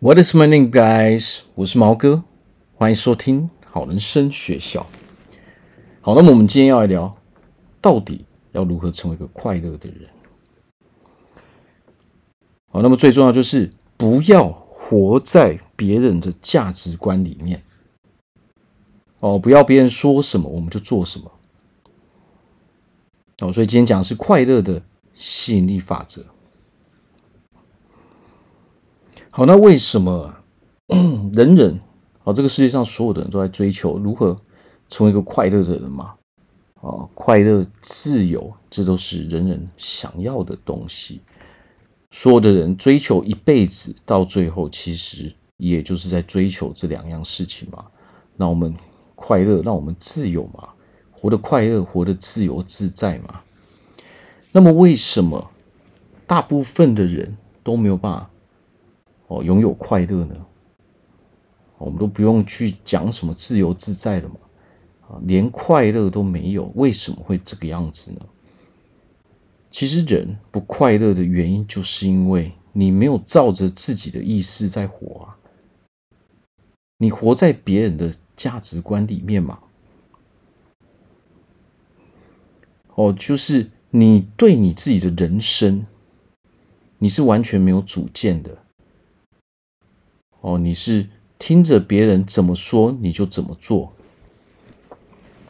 What is my name, guys？我是毛哥，歡迎收聽好人生學校。好，那麼我們今天要來聊，到底要如何成為一個快樂的人？好，那麼最重要就是不要活在別人的價值觀裡面。哦，不要別人說什麼我們就做什麼。哦，所以今天講的是快樂的吸引力法則。好，那為什麼人人啊，這個世界上所有的人都在追求如何成為一個快樂的人嘛？啊、哦，快樂、自由，這都是人人想要的東西。所有的人追求一輩子，到最後其實也就是在追求這兩樣事情嘛。讓我們快樂，讓我們自由嘛，活得快樂，活得自由自在嘛。那麼，為什麼大部分的人都沒有辦法？哦，擁有快樂呢？哦，我們都不用去講什麼自由自在的嘛，啊，連快樂都沒有，為什麼會這個樣子呢？其實人不快樂的原因，就是因為你沒有照着自己的意思在活啊，你活在別人的價值觀裡面嘛。哦，就是你對你自己的人生，你是完全沒有主見的。哦，你是聽着別人怎麼說，你就怎麼做，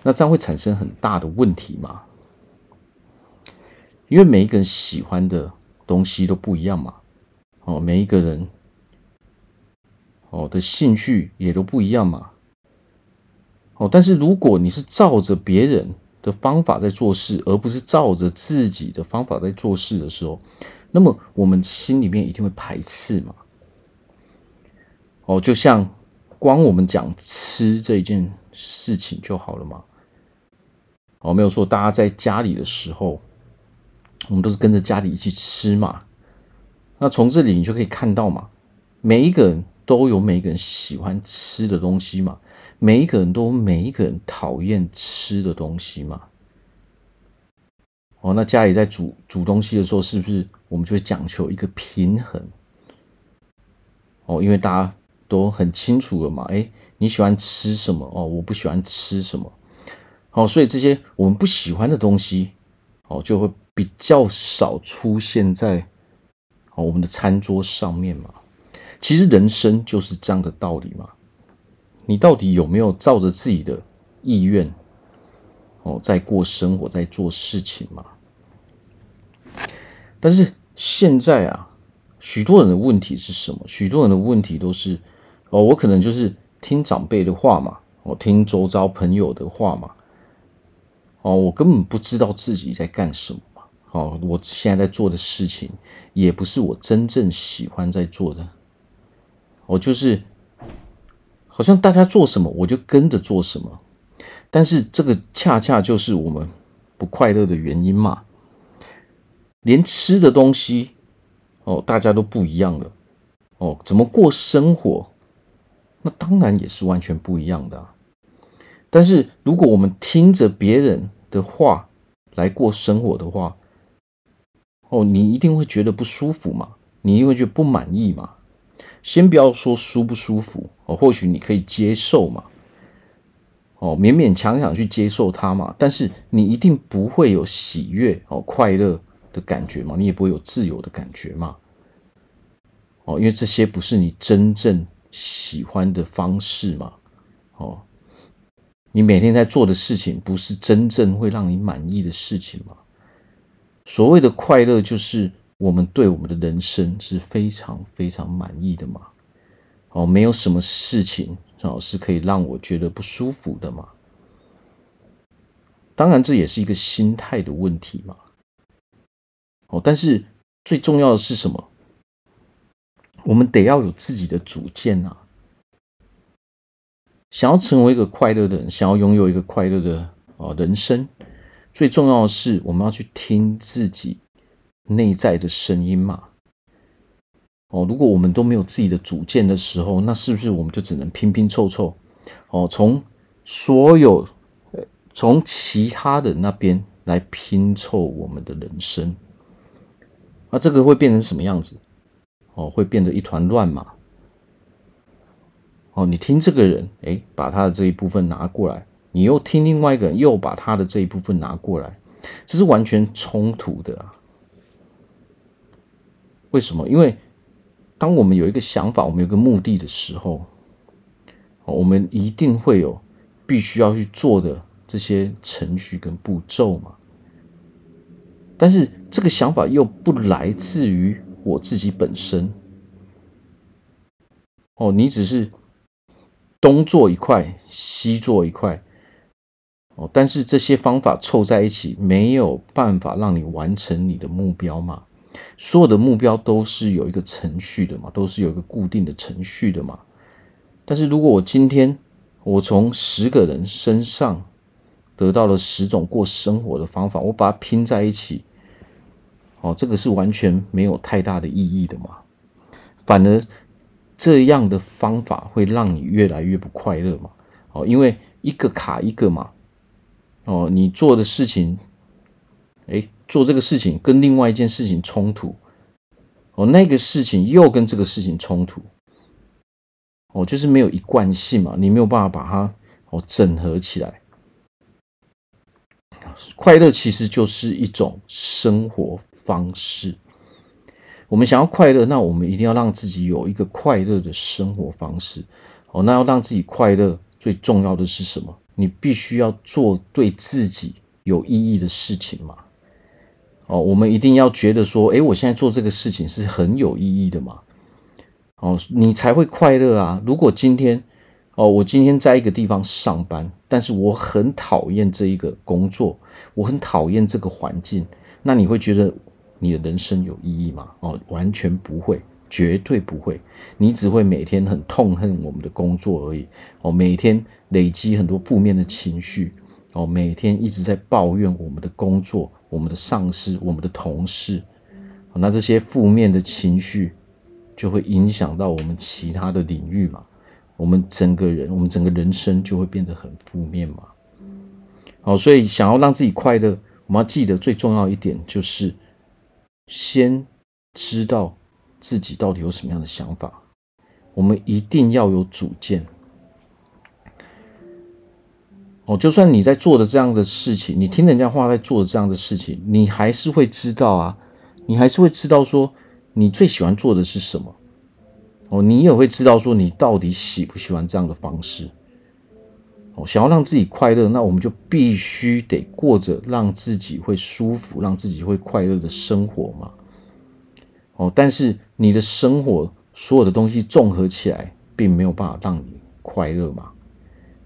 那這樣會產生很大的問題嘛。因為每一個人喜歡的東西都不一樣嘛，哦，每一個人，哦的興趣也都不一樣嘛，哦，但是如果你是照着別人的方法在做事，而不是照着自己的方法在做事的時候，那麼我們心裡面一定會排斥嘛。哦，就像光我們講吃這一件事情就好了嘛。哦，沒有錯，大家在家裡的時候，我們都是跟着家裡一起吃嘛。那從這裡你就可以看到嘛，每一個人都有每一個人喜歡吃的東西嘛，每一個人都有每一個人討厭吃的東西嘛。哦，那家裡在煮煮東西的時候，是不是我們就會講求一個平衡？哦，因為大家。都很清楚了嘛。哎，你喜歡吃什麼哦？我不喜歡吃什麼。好，哦，所以這些我們不喜歡的東西，哦，就會比較少出現在哦我們的餐桌上面嘛。其實人生就是這樣的道理嘛。你到底有沒有照着自己的意願哦在過生活，在做事情嘛？但是現在啊，許多人的問題是什麼？許多人的問題都是。哦，我可能就是聽長輩的話嘛，我、哦、聽周遭朋友的話嘛，哦，我根本不知道自己在幹什麼。哦，我現在在做的事情，也不是我真正喜歡在做的。我、哦、就是，好像大家做什麼，我就跟着做什麼。但是這個恰恰就是我們不快樂的原因嘛。連吃的東西，哦，大家都不一樣了。哦，怎麼過生活？那當然也是完全不一樣的啊，但是如果我們聽着別人的話來過生活的話，哦，你一定會覺得不舒服嘛，你一定會覺得不滿意嘛。先不要說舒不舒服，哦，或許你可以接受嘛，哦，勉勉強強去接受它嘛。但是你一定不會有喜悅，哦，快樂的感覺嘛，你也不會有自由的感覺嘛，哦，因為這些不是你真正喜歡的方式嘛，哦，你每天在做的事情不是真正會讓你滿意的事情嗎？所謂的快樂就是我們對我們的人生是非常非常滿意的嘛，哦，沒有什麼事情哦是可以讓我覺得不舒服的嘛。當然這也是一個心態的問題嘛，哦，但是最重要的是什麼？我們得要有自己的主見吶！想要成為一個快樂的人，想要擁有一個快樂的啊人生，最重要的是我們要去聽自己內在的聲音嘛。哦，如果我們都沒有自己的主見的時候，那是不是我們就只能拼拼湊湊？哦，從所有從其他的那邊來拼湊我們的人生。啊，那這個會變成什麼樣子？哦，會變得一團亂嘛。哦，你聽這個人，哎，把他的這一部分拿過來，你又聽另外一個人，又把他的這一部分拿過來，這是完全衝突的啊！為什麼？因為當我們有一個想法，我們有一個目的的時候，我們一定會有必須要去做的這些程序跟步驟嘛。但是這個想法又不來自於。我自己本身，哦，你只是東做一塊，西做一塊，哦，但是這些方法湊在一起，沒有辦法讓你完成你的目標嘛。所有的目標都是有一個程序的嘛，都是有一個固定的程序的嘛。但是如果我今天我從十個人身上得到了十種過生活的方法，我把它拼在一起。哦，這個是完全沒有太大的意義的嘛。反而這樣的方法會讓你越來越不快樂嘛。哦，因為一個卡一個嘛，哦，你做的事情，哎，做這個事情跟另外一件事情衝突，哦，那個事情又跟這個事情衝突，哦，就是沒有一貫性嘛，你沒有辦法把它哦整合起來。快樂其實就是一種生活方式，我們想要快樂，那我們一定要讓自己有一個快樂的生活方式。哦，那要讓自己快樂，最重要的是什麼？你必須要做對自己有意義的事情嘛。哦，我們一定要覺得說，誒、欸，我現在做這個事情是很有意義的嘛。哦，你才會快樂啊。如果今天，哦，我今天在一個地方上班，但是我很討厭這一個工作，我很討厭這個環境，那你會覺得？你的人生有意義嗎？哦，完全不會，絕對不會。你只會每天很痛恨我們的工作而已。哦，每天累積很多負面的情緒。哦，每天一直在抱怨我們的工作、我們的上司、我們的同事。那這些負面的情緒就會影響到我們其他的領域嘛。我們整個人，我們整個人生就會變得很負面嘛。哦，所以想要讓自己快樂，我們要記得最重要一點就是。先知道自己到底有什麼樣的想法，我們一定要有主見。哦，就算你在做的這樣的事情，你聽人家話在做的這樣的事情，你還是會知道啊，你還是會知道說你最喜歡做的是什麼。哦，你也也會知道說你到底喜不喜歡這樣的方式。想要讓自己快樂，那我們就必須得過着讓自己會舒服、讓自己會快樂的生活嘛。哦，但是你的生活所有的東西綜合起來，並沒有辦法讓你快樂嘛。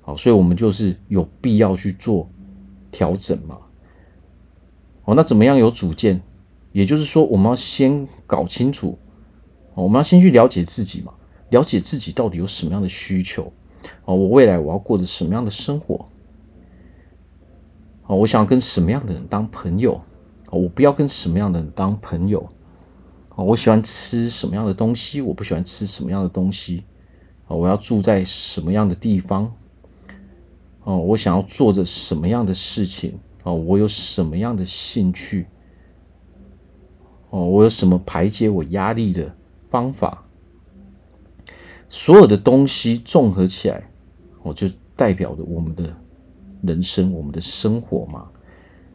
好，所以我們就是有必要去做調整嘛。哦，那怎麼樣有主見？也就是說，我們要先搞清楚，我們要先去了解自己嘛，了解自己到底有什麼樣的需求。哦，我未來我要過着什麼樣的生活？哦，我想跟什麼樣的人當朋友？哦，我不要跟什麼樣的人當朋友？哦，我喜歡吃什麼樣的東西？我不喜歡吃什麼樣的東西？哦，我要住在什麼樣的地方？哦，我想要做着什麼樣的事情？哦，我有什麼樣的興趣？哦，我有什麼排解我壓力的方法？所有的東西綜合起來，我、哦、就代表着我們的人生，我們的生活嘛。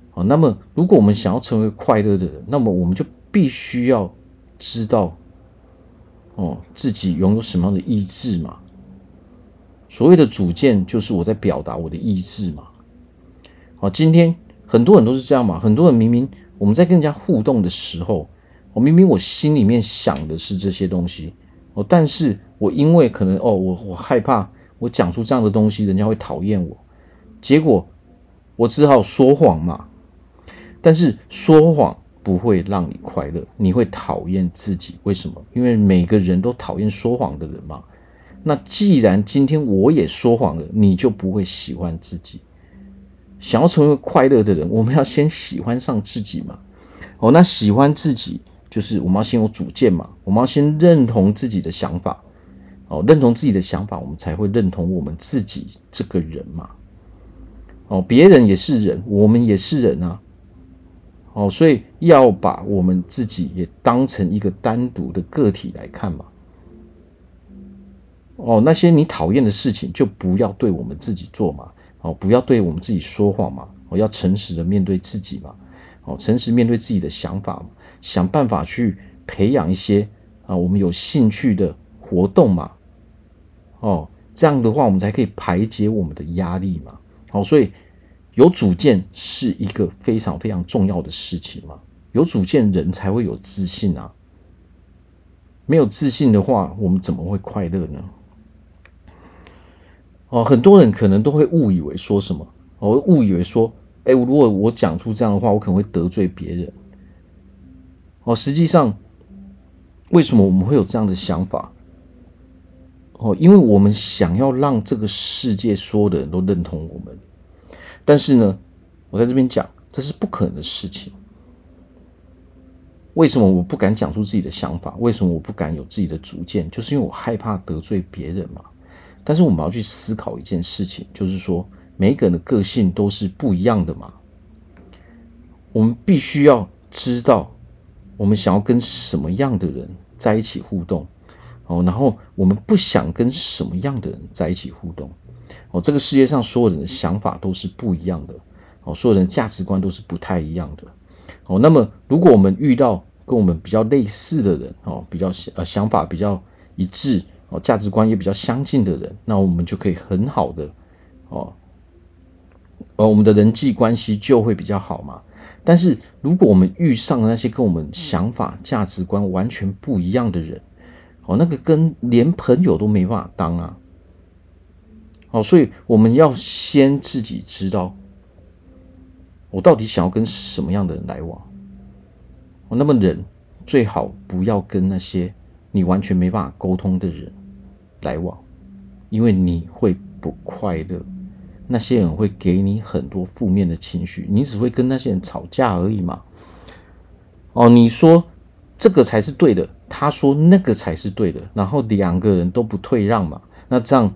好、哦，那麼如果我們想要成為快樂的人，那麼我們就必須要知道，哦，自己擁有什麼樣的意志嘛。所謂的主見，就是我在表達我的意志嘛。好、哦，今天很多人都是這樣嘛。很多人明明我們在跟人家互動的時候，我、哦、明明我心裡面想的是這些東西。哦，但是我因為可能哦，我我害怕，我講出這樣的東西，人家會討厭我，結果我只好說謊嘛。但是說謊不會讓你快樂，你會討厭自己。為什麼？因為每個人都討厭說謊的人嘛。那既然今天我也說謊了，你就不會喜歡自己。想要成為快樂的人，我們要先喜歡上自己嘛。哦，那喜歡自己。就是我們要先有主見嘛，我們要先認同自己的想法，哦，認同自己的想法，我們才會認同我們自己這個人嘛，哦，別人也是人，我們也是人啊，哦，所以要把我們自己也當成一個單獨的個體來看嘛，哦，那些你討厭的事情就不要對我們自己做嘛，哦，不要對我們自己說謊嘛，哦，要誠實的面對自己嘛，哦，誠實面對自己的想法嘛。想辦法去培養一些啊，我們有興趣的活動嘛，哦，這樣的話我們才可以排解我們的壓力嘛。哦，所以有主見是一個非常非常重要的事情嘛。有主見人才會有自信吶，啊，沒有自信的話，我們怎麼會快樂呢？哦，很多人可能都會誤以為說什麼，哦，我誤以為說，哎，如果我講出這樣的話，我可能會得罪別人。哦，實際上，為什麼我們會有這樣的想法？哦，因為我們想要讓這個世界所有的人都認同我們。但是呢，我在這邊講，這是不可能的事情。為什麼我不敢講出自己的想法？為什麼我不敢有自己的主見？就是因為我害怕得罪別人嘛。但是我們要去思考一件事情，就是說，每一個人的個性都是不一樣的嘛。我們必須要知道，我們想要跟什麼樣的人在一起互動，哦，然後我們不想跟什麼樣的人在一起互動，哦，這個世界上所有人的想法都是不一樣的，哦，所有人的價值觀都是不太一樣的，哦，那麼如果我們遇到跟我們比較類似的人，哦，比較想呃想法比較一致，哦，價值觀也比較相近的人，那我們就可以很好的，哦，我們的人際關係就會比較好嘛。但是如果我們遇上了那些跟我們想法、價值觀完全不一樣的人，哦，那個跟連朋友都沒辦法當啊，哦，所以我們要先自己知道，我到底想要跟什麼樣的人來往。哦，那麼人最好不要跟那些你完全沒辦法溝通的人來往，因為你會不快樂。那些人會給你很多負面的情緒，你只會跟那些人吵架而已嘛。哦，你說這個才是對的，他說那個才是對的，然後兩個人都不退讓嘛。那這樣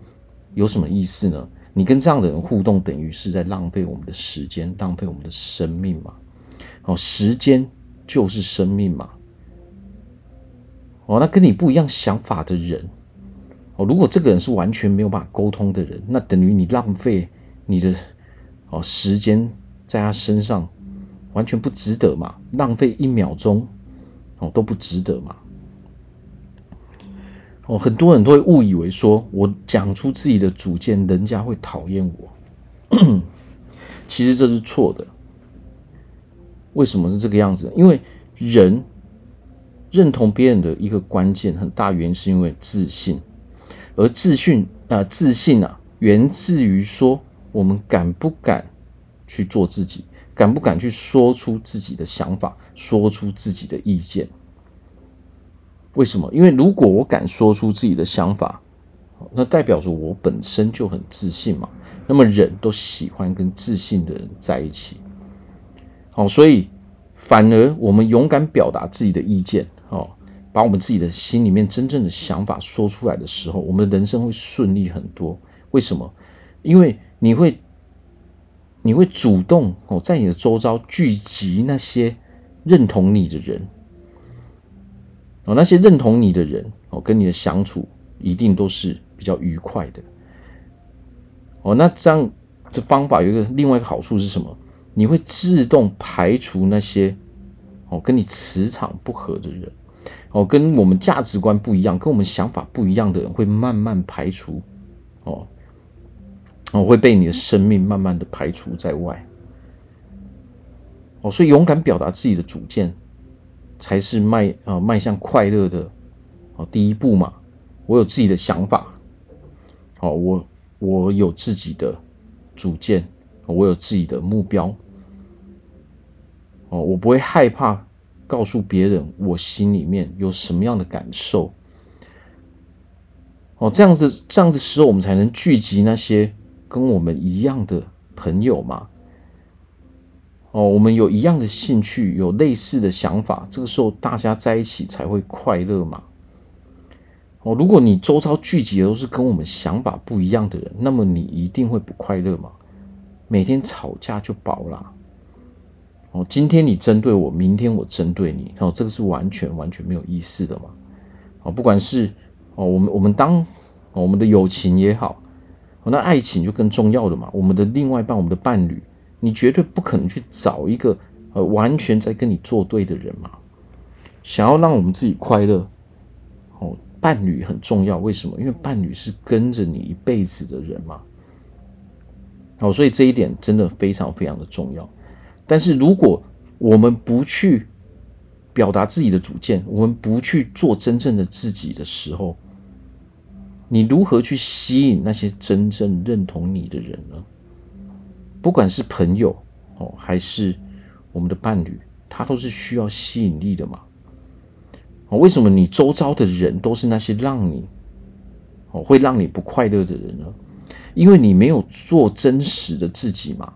有什麼意思呢？你跟這樣的人互動，等於是在浪費我們的時間，浪費我們的生命嘛。哦，時間就是生命嘛。哦，那跟你不一樣想法的人，哦，如果這個人是完全沒有辦法溝通的人，那等於你浪費。你的哦時間在他身上完全不值得嘛，浪費一秒鐘哦都不值得嘛。哦，很多人都會誤以為說我講出自己的主見，人家會討厭我。 其實這是錯的。為什麼是這個樣子？因為人認同別人的一個關鍵很大原因是因為自信，而自信啊、呃，自信啊，源自於說，我們敢不敢去做自己？敢不敢去說出自己的想法，說出自己的意見？為什麼？因為如果我敢說出自己的想法，那代表着我本身就很自信嘛。那麼人都喜歡跟自信的人在一起。好，所以反而我們勇敢表達自己的意見，哦，把我們自己的心裡面真正的想法說出來的時候，我們的人生會順利很多。為什麼？因為。你會，你會主動哦，在你的周遭聚集那些認同你的人，哦，那些認同你的人哦，跟你的相處一定都是比較愉快的。哦，那這樣的方法有一個另外一個好處是什麼？你會自動排除那些哦跟你磁場不合的人，哦，跟我們價值觀不一樣、跟我們想法不一樣的人，會慢慢排除哦。我、哦、會被你的生命慢慢的排除在外，哦，所以勇敢表達自己的主見，才是邁啊邁向快樂的啊、哦、第一步嘛。我有自己的想法，好、哦，我我有自己的主見、哦，我有自己的目標，哦，我不會害怕告訴別人我心裡面有什麼樣的感受，哦，這樣子，這樣子時候我們才能聚集那些跟我們一樣的朋友嗎？哦，我們有一樣的興趣，有類似的想法，這個時候大家在一起才會快樂嘛。哦，如果你周遭聚集的都是跟我們想法不一樣的人，那麼你一定會不快樂嘛。每天吵架就飽了。哦，今天你針對我，明天我針對你，哦，這個是完全完全沒有意思的嘛。哦，不管是哦，我們我們當，哦，我們的友情也好。那愛情就更重要了嘛。我們的另外一半，我們的伴侶，你絕對不可能去找一個呃完全在跟你作對的人嘛。想要讓我們自己快樂，哦，伴侶很重要，為什麼？因為伴侶是跟着你一輩子的人嘛。哦，所以這一點真的非常非常的重要。但是如果我們不去表達自己的主見，我們不去做真正的自己的時候，你如何去吸引那些真正認同你的人呢？不管是朋友哦，還是我們的伴侶，他都是需要吸引力的嘛。為什麼你周遭的人都是那些讓你哦會讓你不快樂的人呢？因為你沒有做真實的自己嘛。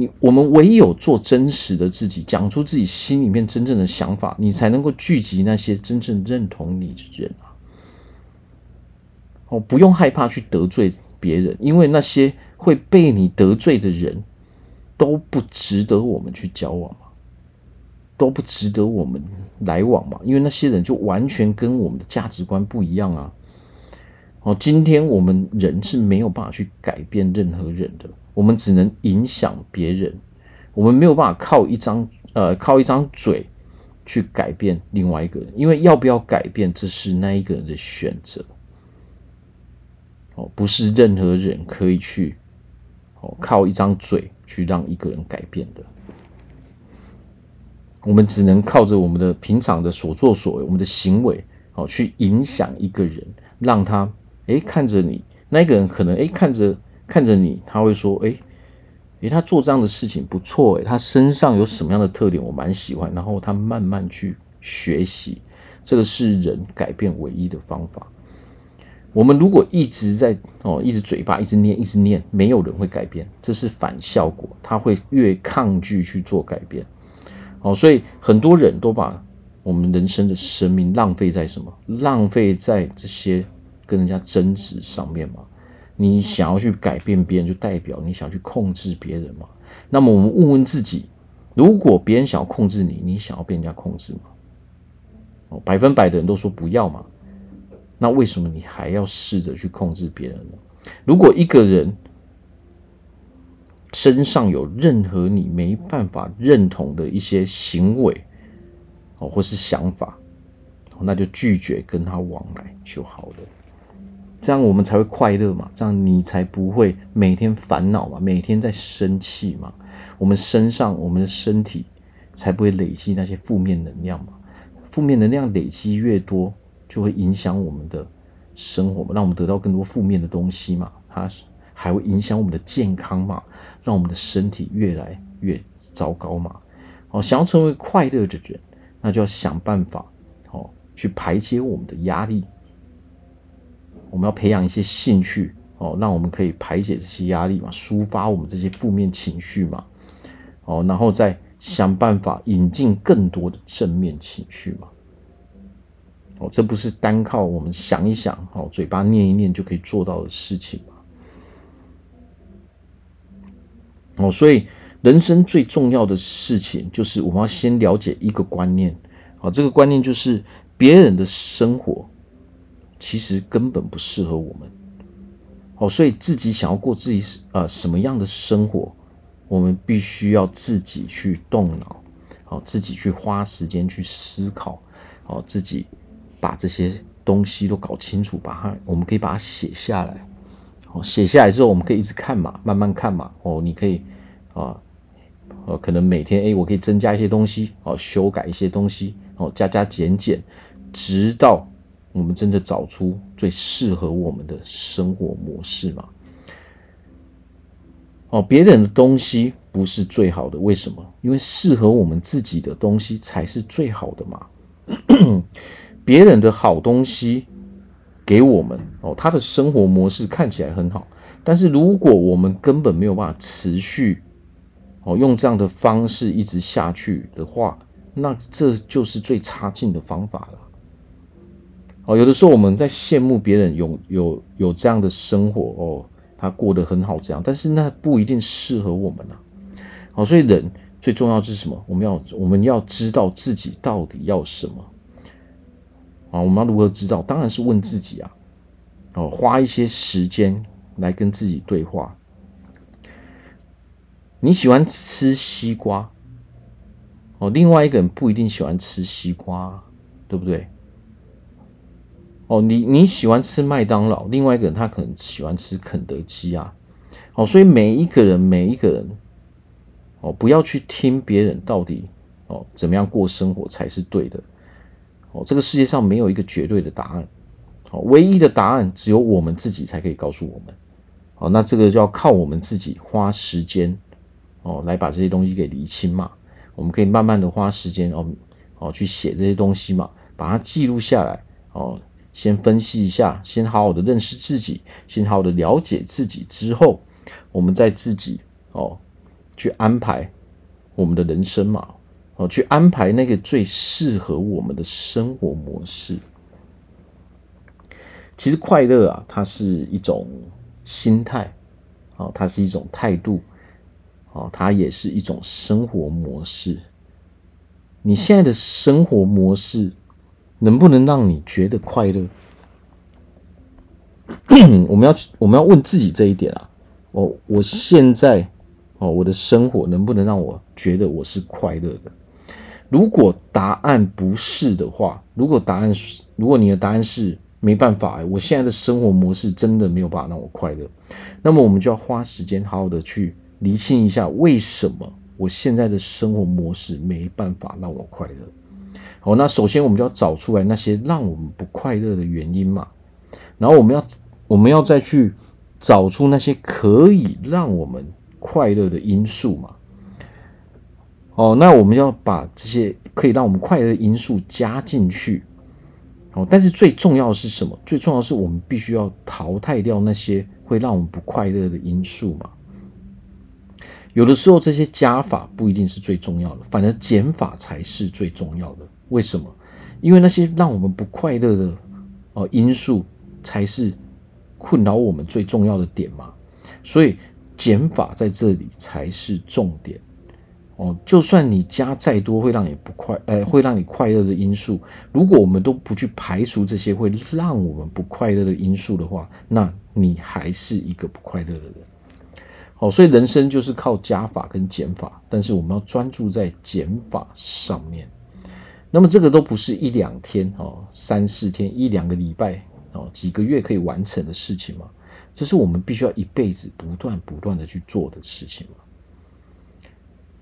你我們唯有做真實的自己，講出自己心裡面真正的想法，你才能夠聚集那些真正認同你的人啊！哦，不用害怕去得罪別人，因為那些會被你得罪的人，都不值得我們去交往，都不值得我們來往嘛，因為那些人就完全跟我們的價值觀不一樣啊！哦，今天我們人是沒有辦法去改變任何人的。我們只能影響別人，我們沒有辦法靠一張呃靠一張嘴去改變另外一個人，因為要不要改變，這是那一個人的選擇。哦，不是任何人可以去哦靠一張嘴去讓一個人改變的。我們只能靠着我們的平常的所作所為，我們的行為，哦去影響一個人，讓他哎看着你，那一個人可能哎看着。看着你，他會說：“誒，誒，他做這樣的事情不錯，誒，他身上有什麼樣的特點，我蠻喜歡。”然後他慢慢去學習，這個是人改變唯一的方法。我們如果一直在哦，一直嘴巴一直念，一直念，沒有人會改變，這是反效果，他會越抗拒去做改變。哦，所以很多人都把我們人生的生命浪費在什麼？浪費在這些跟人家爭執上面嗎？你想要去改變別人，就代表你想去控制別人嘛？那麼我們問問自己：如果別人想要控制你，你想要被人家控制嗎？哦，百分百的人都說不要嘛。那為什麼你還要試着去控制別人呢？如果一個人身上有任何你沒辦法認同的一些行為哦，或是想法，那就拒絕跟他往來就好了。這樣我們才會快樂嘛？這樣你才不會每天煩惱嘛，每天在生氣嘛？我們身上，我們的身體才不會累積那些負面能量嘛？負面能量累積越多，就會影響我們的生活嘛，讓我們得到更多負面的東西嘛？它還會影響我們的健康嘛？讓我們的身體越來越糟糕嘛？哦，想要成為快樂的人，那就要想辦法，哦，去排解我們的壓力。我們要培養一些興趣哦，讓我們可以排解這些壓力嘛，抒發我們這些負面情緒嘛，哦，然後再想辦法引進更多的正面情緒嘛，哦，這不是單靠我們想一想，哦，嘴巴念一念就可以做到的事情嘛哦，所以人生最重要的事情就是我們要先了解一個觀念，哦，這個觀念就是別人的生活，其實根本不適合我們，哦，所以自己想要過自己是呃什麼樣的生活，我們必須要自己去動腦，哦，自己去花時間去思考，哦，自己把這些東西都搞清楚，把它，我們可以把它寫下來，哦，寫下來之後，我們可以一直看嘛，慢慢看嘛，哦，你可以啊、呃呃，可能每天哎，我可以增加一些東西，哦，修改一些東西，哦，加加減減，直到。我們真的找出最適合我們的生活模式嗎？哦，別人的東西不是最好的，為什麼？因為適合我們自己的東西才是最好的嘛。別 人的好東西給我們，哦，他的生活模式看起來很好，但是如果我們根本沒有辦法持續，哦，用這樣的方式一直下去的話，那這就是最差勁的方法了。哦，有的時候我們在羨慕別人有有有這樣的生活哦，他過得很好這樣，但是那不一定適合我們啊。好，哦，所以人最重要的是什麼？我們要我們要知道自己到底要什麼啊，哦？我們要如何知道？當然是問自己啊。哦，花一些時間來跟自己對話。你喜歡吃西瓜哦，另外一個人不一定喜歡吃西瓜，對不對？哦，你你喜歡吃麥當勞，另外一個人他可能喜歡吃肯德基啊。好、哦，所以每一個人，每一個人，哦，不要去聽別人到底哦怎麼樣過生活，才是對的。哦，這個世界上沒有一個絕對的答案。哦，唯一的答案只有我們自己才可以告訴我們。哦，那這個就要靠我們自己花時間哦來把這些東西給理清嘛。我們可以慢慢的花時間哦哦去寫這些東西嘛，把它記錄下來哦。先分析一下，先好好的認識自己，先好好的了解自己之後，我們再自己哦去安排我們的人生嘛，哦去安排那個最適合我們的生活模式。其實快樂啊，它是一種心態，哦，它是一種態度，哦，它也是一種生活模式。你現在的生活模式，能不能讓你覺得快樂？ 我們要我們要問自己這一點啊。我、哦、我現在哦，我的生活能不能讓我覺得我是快樂的？如果答案不是的話，如果答案是，如果你的答案是沒辦法、欸，我現在的生活模式真的沒有辦法讓我快樂，那麼我們就要花時間好好的去釐清一下，為什麼我現在的生活模式沒辦法讓我快樂。好，哦，那首先我們就要找出來那些讓我們不快樂的原因嘛，然後我們要我們要再去找出那些可以讓我們快樂的因素嘛。哦，那我們要把這些可以讓我們快樂的因素加進去。哦，但是最重要的是什麼？最重要的是我們必須要淘汰掉那些會讓我們不快樂的因素嘛。有的時候這些加法不一定是最重要的，反正減法才是最重要的。為什麼？因為那些讓我們不快樂的哦、呃、因素，才是困擾我們最重要的點嘛。所以減法在這裡才是重點哦。就算你加再多會讓你不快，呃，會讓你快樂的因素，如果我們都不去排除這些會讓我們不快樂的因素的話，那你還是一個不快樂的人。好、哦，所以人生就是靠加法跟減法，但是我們要專注在減法上面。那麼這個都不是一兩天哦，三四天一兩個禮拜哦，幾個月可以完成的事情嗎？這是我們必須要一輩子不斷不斷的去做的事情嗎？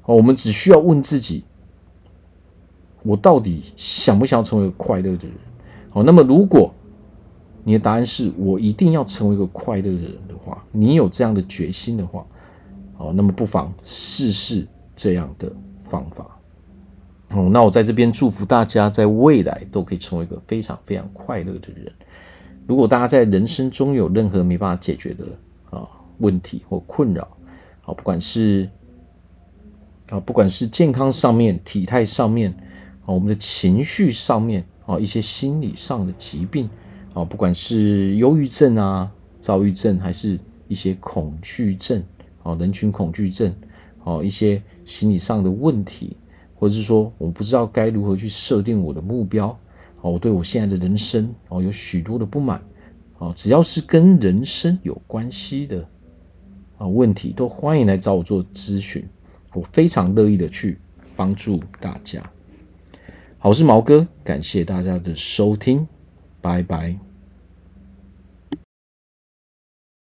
哦，我們只需要問自己：我到底想不想成為快樂的人？哦，那麼如果你的答案是我一定要成為一個快樂的人的話，你有這樣的決心的話，哦，那麼不妨試試這樣的方法。哦、嗯，那我在這邊祝福大家，在未來都可以成為一個非常非常快樂的人。如果大家在人生中有任何沒辦法解決的啊問題或困擾，啊，不管是啊，不管是健康上面、體態上面，啊，我們的情緒上面，啊，一些心理上的疾病，啊，不管是憂鬱症啊、躁鬱症，還是一些恐懼症，啊，人群恐懼症，啊，一些心理上的問題。或者是說，我不知道該如何去設定我的目標，我對我現在的人生，我有許多的不滿，啊，只要是跟人生有關係的，啊，問題都歡迎來找我做諮詢，我非常樂意的去幫助大家。好，我是毛哥，感謝大家的收聽，拜拜。